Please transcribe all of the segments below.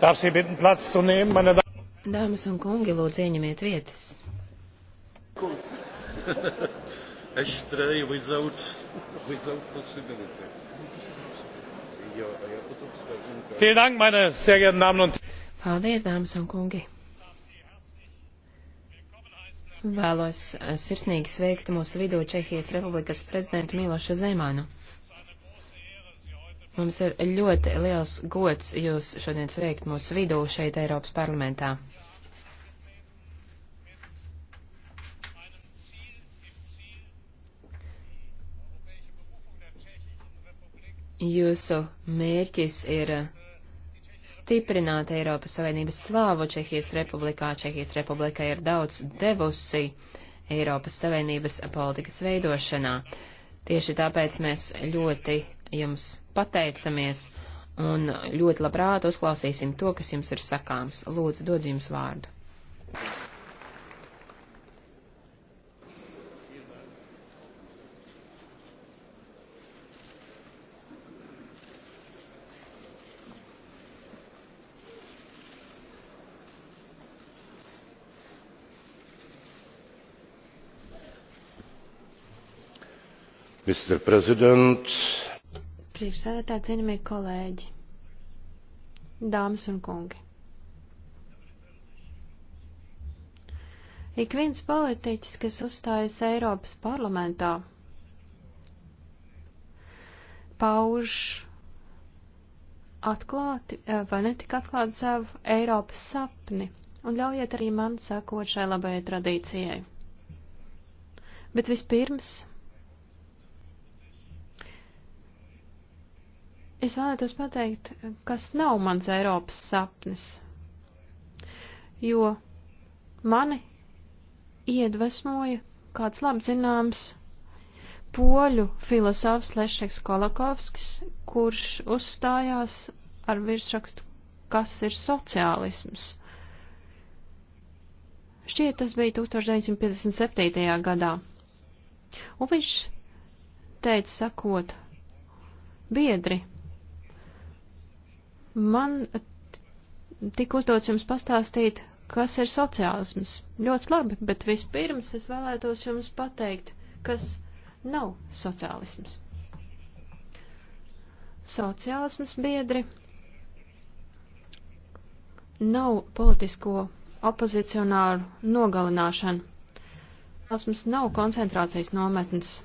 darf Sie bitten, Platz zu nehmen, meine Damen. Dāmas un kungi, lūdzu ieņemiet vietas. Es strēju without, without possibility. Vielen Dank, meine sehr geehrten Damen und Paldies, dāmas un kungi. Vēlos sirsnīgi sveikt mūsu vidū Čehijas Republikas prezidentu Milošu Zemanu. Mums ir ļoti liels gods jūs šodien sveikt mūsu vidū šeit Eiropas parlamentā. Jūsu mērķis ir stiprināt Eiropas Savienības slāvu Čehijas republikā. Čehijas republika ir daudz devusi Eiropas Savienības politikas veidošanā. Tieši tāpēc mēs ļoti jums pateicamies un ļoti labprāt uzklausīsim to, kas jums ir sakāms. Lūdzu, dod jums vārdu. Mr. President, Priekšsēdētāji, cienījamie kolēģi, dāmas un kungi. Ik viens politiķis, kas uzstājas Eiropas parlamentā, pauž atklāti eh, vai netika atklāti savu Eiropas sapni, un ļaujiet arī man sakot šai labajai tradīcijai. Bet vispirms es vēlētos pateikt, kas nav mans Eiropas sapnis, jo mani iedvesmoja kāds labi zināms poļu filozofs Lešeks Kolakovskis, kurš uzstājās ar virsrakstu, kas ir sociālisms. Šķiet, tas bija 1957. gadā. Un viņš teica sakot, biedri, Man tika uzdots jums pastāstīt, kas ir sociālisms. Ļoti labi, bet vispirms es vēlētos jums pateikt, kas nav sociālisms. Sociālisms biedri nav politisko opozicionāru nogalināšana. Sociālisms nav koncentrācijas nometnes.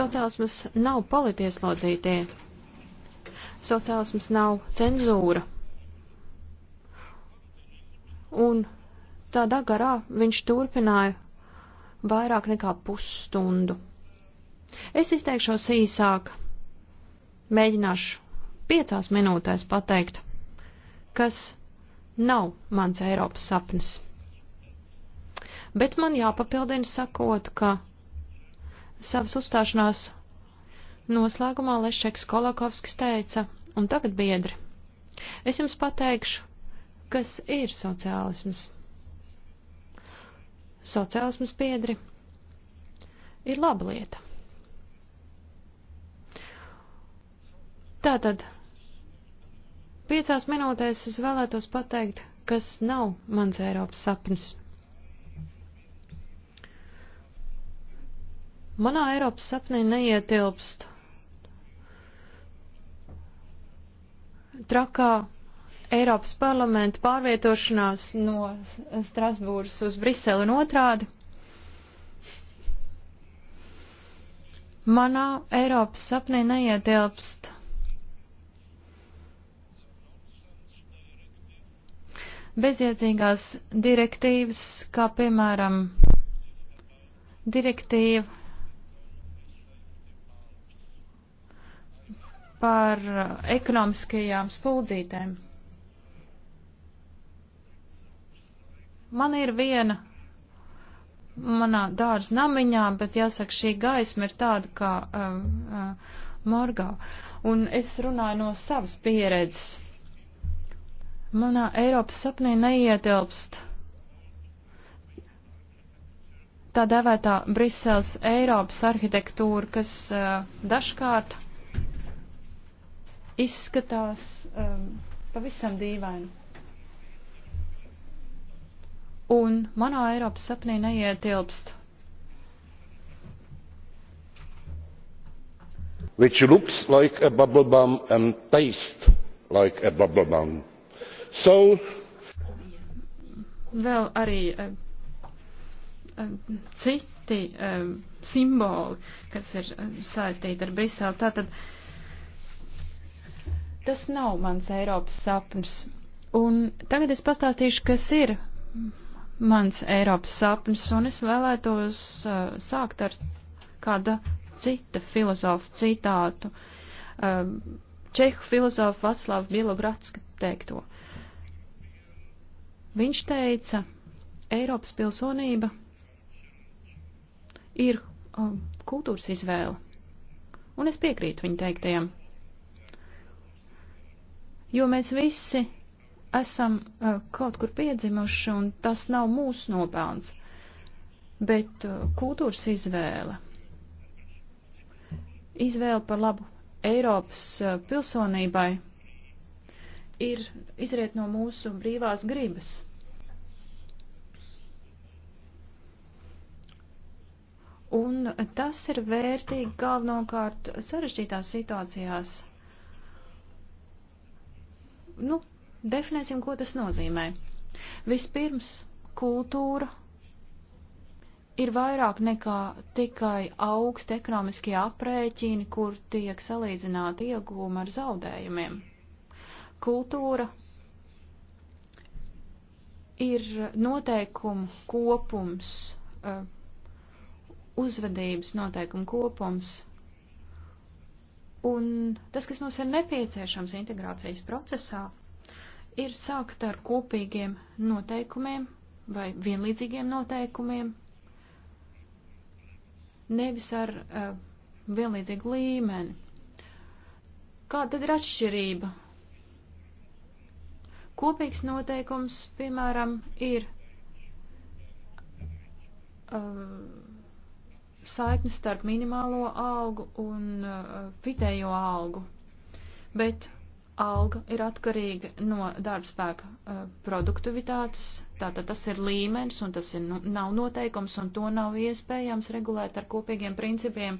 Sociālisms nav politieslodzītie sociālisms nav cenzūra. Un tādā garā viņš turpināja vairāk nekā pusstundu. Es izteikšos īsāk, mēģināšu piecās minūtēs pateikt, kas nav mans Eiropas sapnis. Bet man jāpapildina sakot, ka savas uzstāšanās Noslēgumā Lešeks Kolakovskis teica, un tagad biedri, es jums pateikšu, kas ir sociālisms. Sociālisms, biedri, ir laba lieta. Tātad, piecās minūtēs es vēlētos pateikt, kas nav mans Eiropas sapnis. Manā Eiropas sapnī neietilpst trakā Eiropas parlamenta pārvietošanās no Strasbūras uz Briseli un otrādi. Manā Eiropas sapnī neietilpst. Bezjēdzīgās direktīvas, kā piemēram direktīva par uh, ekonomiskajām spuldzītēm. Man ir viena manā dārza namiņā, bet jāsaka, šī gaisma ir tāda kā uh, uh, morgā. Un es runāju no savas pieredzes. Manā Eiropas sapnī neietilpst tā dēvētā Briseles Eiropas arhitektūra, kas uh, dažkārt izskatās um, pavisam dīvaini. Un manā Eiropas sapnī neietilpst. Which looks like a bubble bomb and tastes like a bubble bomb. So. Vēl arī uh, citi uh, simboli, kas ir uh, saistīti ar Briselu. Tātad uh, Tas nav mans Eiropas sapnis. Un tagad es pastāstīšu, kas ir mans Eiropas sapnis, un es vēlētos uh, sākt ar kāda cita filozofa citātu. Uh, Čehu filozofu Vaclavu Bielogradska teikto. Viņš teica, Eiropas pilsonība ir uh, kultūras izvēle. Un es piekrītu viņa teiktajam jo mēs visi esam uh, kaut kur piedzimuši un tas nav mūsu nopelns, bet uh, kultūras izvēle, izvēle par labu Eiropas uh, pilsonībai ir izriet no mūsu brīvās gribas. Un tas ir vērtīgi galvenokārt sarežģītās situācijās, nu, definēsim, ko tas nozīmē. Vispirms, kultūra ir vairāk nekā tikai augsti ekonomiskie aprēķini, kur tiek salīdzināti ieguvumi ar zaudējumiem. Kultūra ir noteikumu kopums, eh, uzvedības noteikumu kopums, Un tas, kas mums ir nepieciešams integrācijas procesā, ir sākt ar kopīgiem noteikumiem vai vienlīdzīgiem noteikumiem, nevis ar uh, vienlīdzīgu līmeni. Kāda tad ir atšķirība? Kopīgs noteikums, piemēram, ir. Uh, saiknes starp minimālo algu un uh, vidējo algu, bet alga ir atkarīga no darbspēka uh, produktivitātes, tātad tas ir līmenis un tas ir, nu, nav noteikums un to nav iespējams regulēt ar kopīgiem principiem.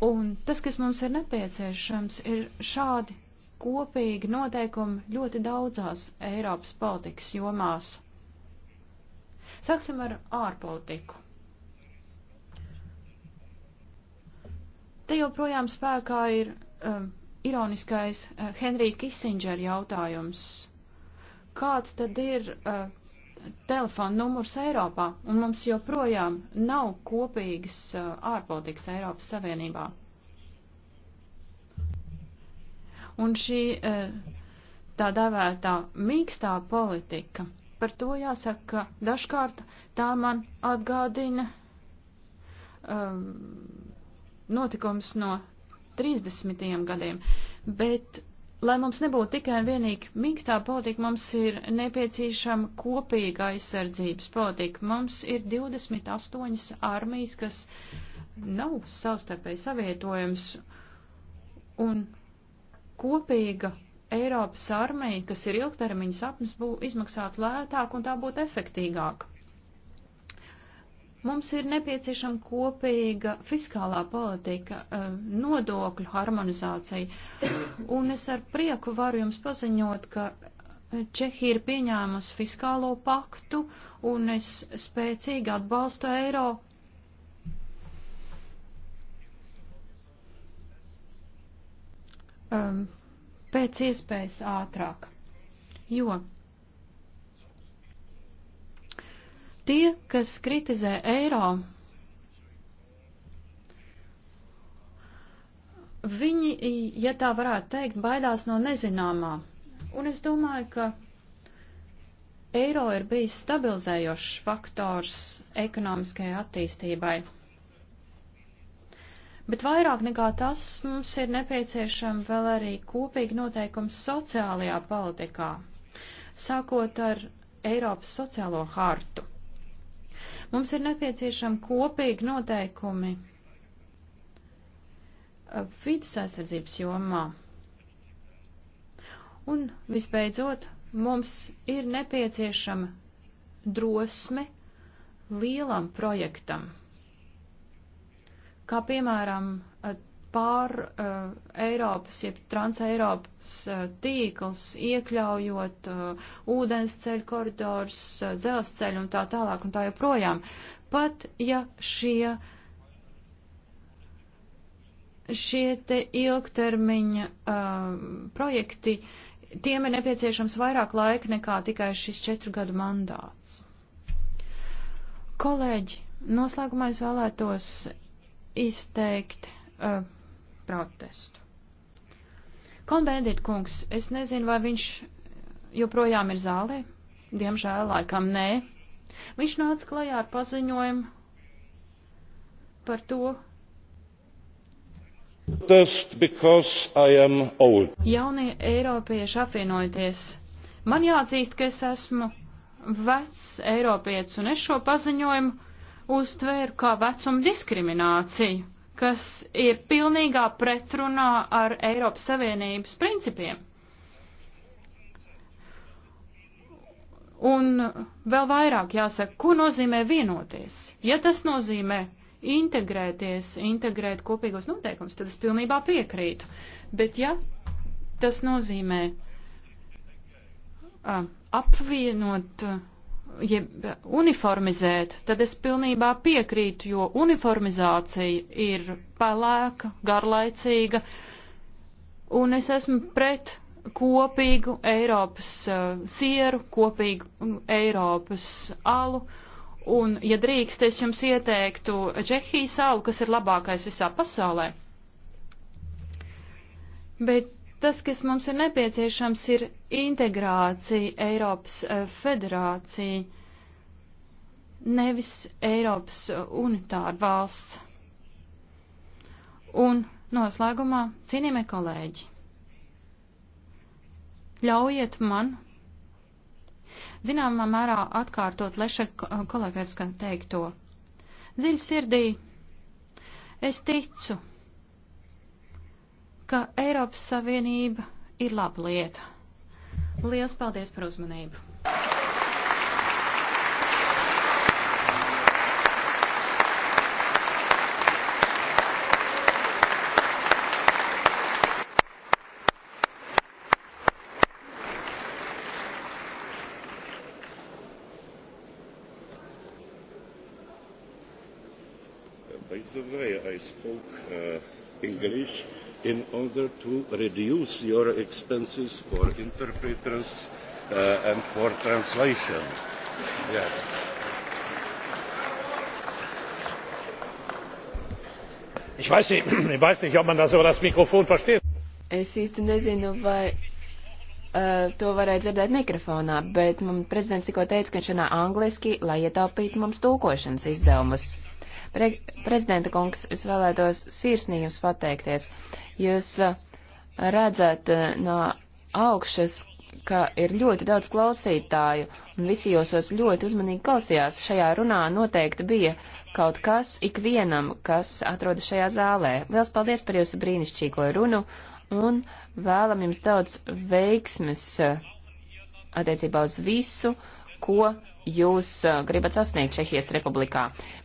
Un tas, kas mums ir nepieciešams, ir šādi kopīgi noteikumi ļoti daudzās Eiropas politikas jomās. Sāksim ar ārpolitiku. Te joprojām spēkā ir um, ironiskais uh, Henrija Kisindžera jautājums. Kāds tad ir uh, telefona numurs Eiropā? Un mums joprojām nav kopīgas uh, ārpolitikas Eiropas Savienībā. Un šī uh, tā dēvētā mīkstā politika, par to jāsaka, ka dažkārt tā man atgādina. Um, notikums no 30. gadiem, bet, lai mums nebūtu tikai un vienīgi mīkstā politika, mums ir nepieciešama kopīga aizsardzības politika. Mums ir 28 armijas, kas nav savstarpēji savietojams, un kopīga Eiropas armija, kas ir ilgtermiņa sapnis, būtu izmaksāt lētāk un tā būtu efektīgāk. Mums ir nepieciešama kopīga fiskālā politika, eh, nodokļu harmonizācija, un es ar prieku varu jums paziņot, ka eh, Čehija ir pieņēmusi fiskālo paktu, un es spēcīgi atbalstu eiro. Um, pēc iespējas ātrāk, jo Tie, kas kritizē eiro, viņi, ja tā varētu teikt, baidās no nezināmā. Un es domāju, ka eiro ir bijis stabilizējošs faktors ekonomiskajai attīstībai. Bet vairāk nekā tas mums ir nepieciešama vēl arī kopīgi noteikums sociālajā politikā, sākot ar Eiropas sociālo hartu. Mums ir nepieciešami kopīgi noteikumi eh, vidas aizsardzības jomā. Un visbeidzot, mums ir nepieciešama drosme lielam projektam, kā piemēram eh, pār uh, Eiropas, jeb Trans-Eiropas uh, tīkls, iekļaujot uh, ūdens ceļu koridors, uh, dzelzceļu un tā tālāk un tā joprojām. Pat ja šie, šie te ilgtermiņa uh, projekti, tiem ir nepieciešams vairāk laika nekā tikai šis četru gadu mandāts. Kolēģi, noslēgumā es vēlētos izteikt uh, protestu. Konbendit kungs, es nezinu, vai viņš joprojām ir zālē. Diemžēl laikam nē. Viņš nāca klajā ar paziņojumu par to. Jaunie Eiropieši apvienojoties. Man jāatzīst, ka es esmu vecs Eiropietis, un es šo paziņojumu uztvēru kā vecuma diskrimināciju kas ir pilnīgā pretrunā ar Eiropas Savienības principiem. Un vēl vairāk jāsaka, ko nozīmē vienoties. Ja tas nozīmē integrēties, integrēt kopīgos noteikumus, tad es pilnībā piekrītu. Bet ja tas nozīmē uh, apvienot uh, jeb uniformizēt, tad es pilnībā piekrītu, jo uniformizācija ir pelēka, garlaicīga, un es esmu pret kopīgu Eiropas uh, sieru, kopīgu mm, Eiropas alu. Un, ja drīkst, es jums ieteiktu Čehijas alu, kas ir labākais visā pasaulē. Bet Tas, kas mums ir nepieciešams, ir integrācija Eiropas e, federācija, nevis Eiropas e, unitāra valsts. Un noslēgumā, cienījamie kolēģi, ļaujiet man zināmā mērā atkārtot Leša Kolakevska teikto. Dziļi sirdī es ticu ka Eiropas Savienība ir laba lieta. Lielas paldies par uzmanību! by the way, I spoke uh, English in order to reduce your expenses for interpreters uh, and for translation. Yes. Ich weiß, nicht, ich weiß nicht, ob man das über das Mikrofon versteht. Es īsti nezinu, vai uh, to varēja dzirdēt mikrofonā, bet man prezidents tikko teica, ka viņš runā angliski, lai ietaupītu mums tulkošanas izdevumus. Pre prezidenta kungs, es vēlētos sirsnīgi jums pateikties. Jūs uh, redzat uh, no augšas, ka ir ļoti daudz klausītāju, un visi jūsos ļoti uzmanīgi klausījās. Šajā runā noteikti bija kaut kas ikvienam, kas atrodas šajā zālē. Liels paldies par jūsu brīnišķīgo runu, un vēlam jums daudz veiksmes uh, attiecībā uz visu, uh, ko jūs uh, gribat sasniegt Čehijas republikā.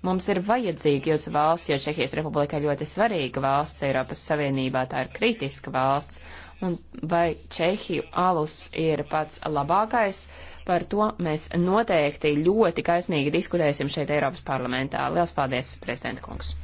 Mums ir vajadzīga jūsu valsts, jo Čehijas republika ir ļoti svarīga valsts Eiropas Savienībā, tā ir kritiska valsts. Un vai Čehiju alus ir pats labākais, par to mēs noteikti ļoti kaismīgi diskutēsim šeit Eiropas parlamentā. Liels paldies, prezidenta kungs!